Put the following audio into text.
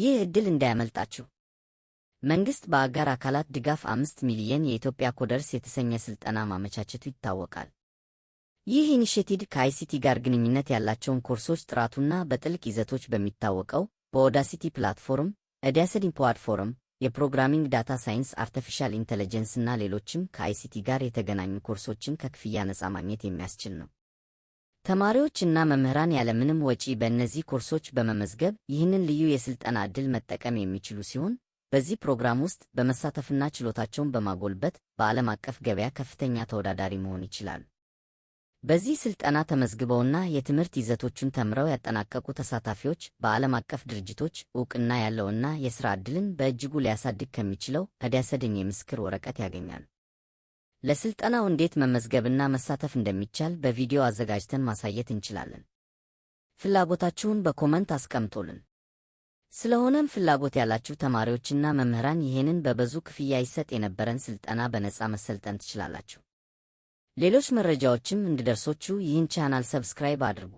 ይህ ዕድል እንዳያመልጣችሁ። መንግሥት በአጋር አካላት ድጋፍ አምስት ሚሊየን የኢትዮጵያ ኮደርስ የተሰኘ ሥልጠና ማመቻቸቱ ይታወቃል። ይህ ኢኒሽቲቭ ከአይሲቲ ጋር ግንኙነት ያላቸውን ኮርሶች ጥራቱና በጥልቅ ይዘቶች በሚታወቀው በኦዳሲቲ ፕላትፎርም፣ አዳሲቲ ፕላትፎርም፣ የፕሮግራሚንግ ዳታ ሳይንስ፣ አርተፊሻል ኢንተለጀንስ እና ሌሎችም ከአይሲቲ ጋር የተገናኙ ኮርሶችን ከክፍያ ነፃ ማግኘት የሚያስችል ነው። ተማሪዎችና መምህራን ያለምንም ወጪ በእነዚህ ኮርሶች በመመዝገብ ይህንን ልዩ የስልጠና ዕድል መጠቀም የሚችሉ ሲሆን በዚህ ፕሮግራም ውስጥ በመሳተፍና ችሎታቸውን በማጎልበት በዓለም አቀፍ ገበያ ከፍተኛ ተወዳዳሪ መሆን ይችላሉ። በዚህ ስልጠና ተመዝግበውና የትምህርት ይዘቶቹን ተምረው ያጠናቀቁ ተሳታፊዎች በዓለም አቀፍ ድርጅቶች እውቅና ያለውና የሥራ ዕድልን በእጅጉ ሊያሳድግ ከሚችለው ከዲያሰደኝ የምስክር ወረቀት ያገኛሉ። ለስልጠናው እንዴት መመዝገብና መሳተፍ እንደሚቻል በቪዲዮ አዘጋጅተን ማሳየት እንችላለን። ፍላጎታችሁን በኮመንት አስቀምጡልን። ስለሆነም ፍላጎት ያላችሁ ተማሪዎችና መምህራን ይህንን በብዙ ክፍያ ይሰጥ የነበረን ስልጠና በነፃ መሰልጠን ትችላላችሁ። ሌሎች መረጃዎችም እንዲደርሶችሁ ይህን ቻናል ሰብስክራይብ አድርጉ።